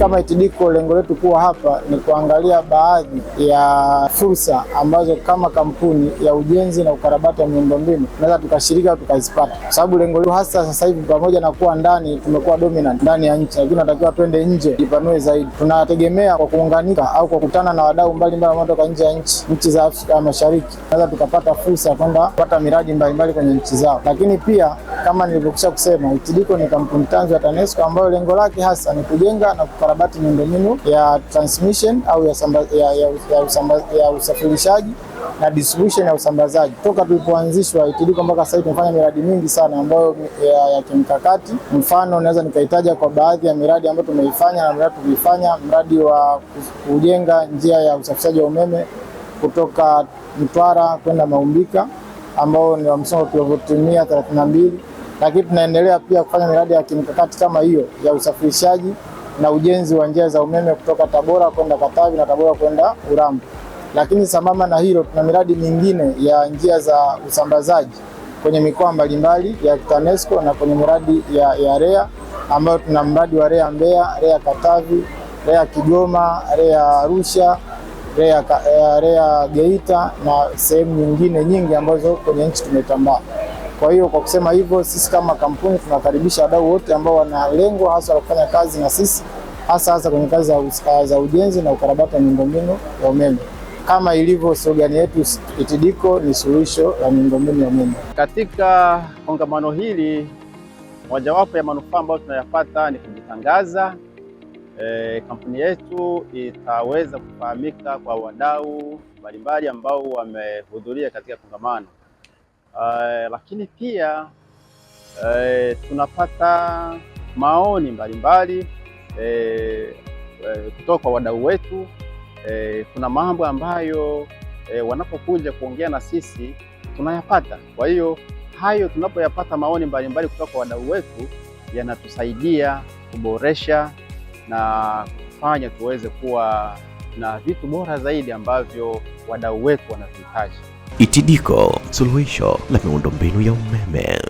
kama itidiko lengo letu kuwa hapa ni kuangalia baadhi ya fursa ambazo kama kampuni ya ujenzi na ukarabati wa miundombinu tunaweza tukashiriki au tukazipata, kwa sababu lengo letu hasa sasa hivi, pamoja na kuwa ndani tumekuwa dominant ndani ya nchi, lakini tunatakiwa twende nje, jipanue zaidi. Tunategemea kwa kuunganika au kwa kukutana na wadau mbalimbali wanaotoka nje ya nchi, nchi za Afrika ya Mashariki, tunaweza tukapata fursa ya kwenda kupata miradi mbalimbali kwenye nchi zao. Lakini pia kama nilivyokusha kusema, itidiko ni kampuni tanzu ya TANESCO ambayo lengo lake hasa ni kujenga na kukarabati kukarabati miundombinu ya transmission au ya, samba, ya, ya, ya, usamba, ya usafirishaji na distribution ya usambazaji. Toka tulipoanzishwa Itiliko mpaka sasa tumefanya miradi mingi sana ambayo ya, ya kimkakati. Mfano, naweza nikahitaja kwa baadhi ya miradi ambayo tumeifanya na miradi tulifanya, mradi wa kujenga njia ya usafirishaji wa umeme kutoka Mtwara kwenda Maumbika ambao ni wa msongo kilovoti mia thelathini na mbili, lakini tunaendelea pia kufanya miradi ya kimkakati kama hiyo ya usafirishaji na ujenzi wa njia za umeme kutoka Tabora kwenda Katavi na Tabora kwenda Urambo. Lakini sambamba na hilo, tuna miradi mingine ya njia za usambazaji kwenye mikoa mbalimbali ya TANESCO na kwenye miradi ya, ya REA ambayo tuna mradi wa REA Mbeya, REA Katavi, REA Kigoma, REA Arusha, REA, eh, REA Geita na sehemu nyingine nyingi ambazo kwenye nchi tumetambaa. Kwa hiyo kwa kusema hivyo, sisi kama kampuni tunakaribisha wadau wote ambao wana lengo hasa la kufanya kazi na sisi, hasa hasa kwenye kazi za ujenzi na ukarabati wa miundombinu ya umeme. Kama ilivyo slogani yetu ETDCO ni suluhisho la miundombinu ya umeme. Katika kongamano hili, mojawapo ya manufaa ambayo tunayapata ni kujitangaza. E, kampuni yetu itaweza kufahamika kwa wadau mbalimbali ambao wamehudhuria katika kongamano uh, lakini pia uh, tunapata maoni mbalimbali eh, kutoka uh, kwa wadau wetu uh, kuna mambo ambayo uh, wanapokuja kuongea na sisi tunayapata. Kwa hiyo hayo tunapoyapata maoni mbalimbali kutoka kwa wadau wetu yanatusaidia kuboresha na kufanya tuweze kuwa na vitu bora zaidi ambavyo wadau wetu wanavihitaji itidiko suluhisho la miundombinu ya umeme.